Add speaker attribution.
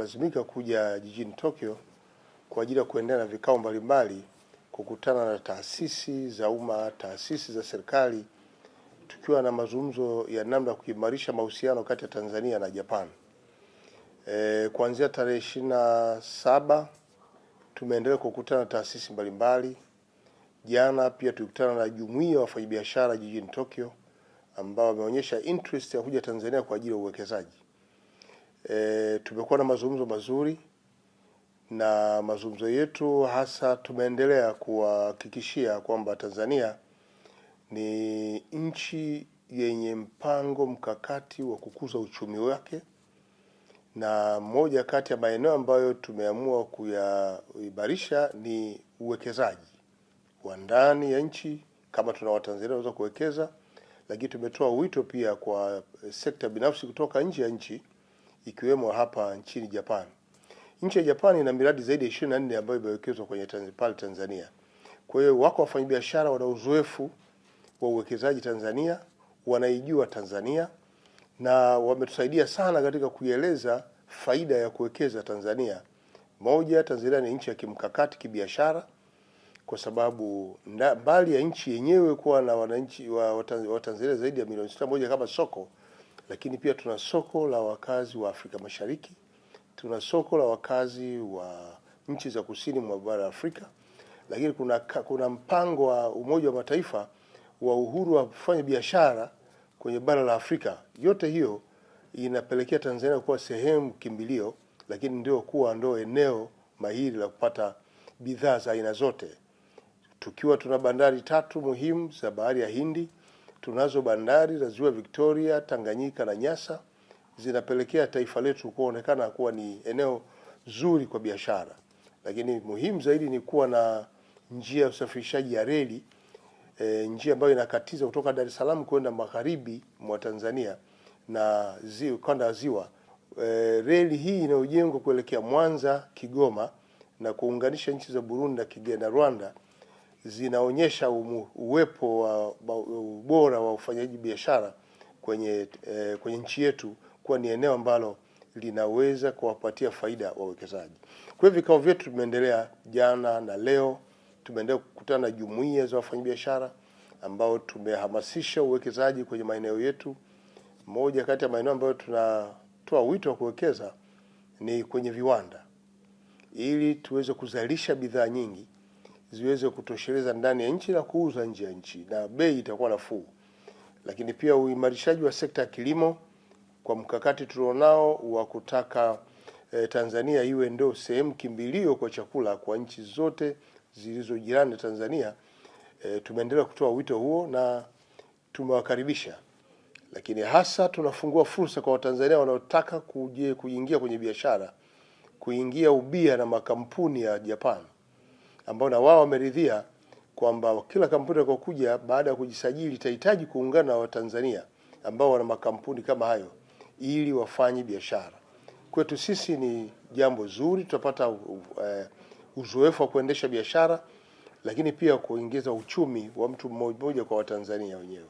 Speaker 1: kulazimika kuja jijini Tokyo kwa ajili ya kuendelea na vikao mbalimbali, kukutana na taasisi za umma, taasisi za serikali, tukiwa na mazungumzo ya namna ya kuimarisha mahusiano kati ya Tanzania na Japan. E, kuanzia tarehe ishirini na saba tumeendelea kukutana na taasisi mbalimbali. Jana pia tulikutana na jumuiya ya wafanyabiashara jijini Tokyo ambao wameonyesha interest ya kuja Tanzania kwa ajili ya uwekezaji. E, tumekuwa na mazungumzo mazuri na mazungumzo yetu hasa tumeendelea kuhakikishia kwamba Tanzania ni nchi yenye mpango mkakati wa kukuza uchumi wake, na moja kati ya maeneo ambayo tumeamua kuyaimarisha ni uwekezaji wa ndani ya nchi, kama tuna Watanzania wanaweza kuwekeza, lakini tumetoa wito pia kwa sekta binafsi kutoka nje ya nchi ikiwemo hapa nchini Japan. Nchi ya Japan ina miradi zaidi ya 24 ambayo imewekezwa kwenye pale Tanzania. Kwa hiyo wako wafanyabiashara wana uzoefu wa uwekezaji Tanzania, wanaijua Tanzania na wametusaidia sana katika kuieleza faida ya kuwekeza Tanzania. Moja, Tanzania ni nchi ya kimkakati kibiashara kwa sababu mbali ya nchi yenyewe kuwa na wananchi wa Watanzania zaidi ya milioni 61 kama soko lakini pia tuna soko la wakazi wa Afrika Mashariki, tuna soko la wakazi wa nchi za kusini mwa bara la Afrika, lakini kuna, kuna mpango wa Umoja wa Mataifa wa uhuru wa kufanya biashara kwenye bara la Afrika. Yote hiyo inapelekea Tanzania kuwa sehemu kimbilio, lakini ndio kuwa ndo eneo mahiri la kupata bidhaa za aina zote, tukiwa tuna bandari tatu muhimu za bahari ya Hindi Tunazo bandari za ziwa Victoria, Tanganyika na Nyasa, zinapelekea taifa letu kuonekana kuwa ni eneo zuri kwa biashara, lakini muhimu zaidi ni kuwa na njia ya usafirishaji ya reli e, njia ambayo inakatiza kutoka Dar es Salaam kwenda magharibi mwa Tanzania na zi, kanda ya ziwa e, reli hii inayojengwa kuelekea Mwanza, Kigoma na kuunganisha nchi za Burundi na Rwanda zinaonyesha umu, uwepo wa ubora wa ufanyaji biashara kwenye, eh, kwenye nchi yetu kuwa ni eneo ambalo linaweza kuwapatia faida wawekezaji. Kwa hiyo vikao vyetu tumeendelea jana na leo, tumeendelea kukutana na jumuiya za wafanyabiashara ambao tumehamasisha uwekezaji kwenye maeneo yetu. Moja kati ya maeneo ambayo tunatoa wito wa kuwekeza ni kwenye viwanda, ili tuweze kuzalisha bidhaa nyingi ziweze kutosheleza ndani ya nchi na kuuza nje ya nchi na bei itakuwa nafuu. Lakini pia uimarishaji wa sekta ya kilimo kwa mkakati tulionao wa kutaka eh, Tanzania iwe ndo sehemu kimbilio kwa chakula kwa nchi zote zilizo jirani na Tanzania. Eh, tumeendelea kutoa wito huo na tumewakaribisha, lakini hasa tunafungua fursa kwa Watanzania wanaotaka kuingia kwenye biashara, kuingia ubia na makampuni ya Japan ambao na wao wameridhia kwamba kila kampuni itakayokuja baada ya kujisajili itahitaji kuungana na Watanzania ambao wana makampuni kama hayo ili wafanye biashara. Kwetu sisi ni jambo zuri, tutapata uh, uzoefu wa kuendesha biashara, lakini pia kuingiza uchumi wa mtu mmoja kwa Watanzania wenyewe.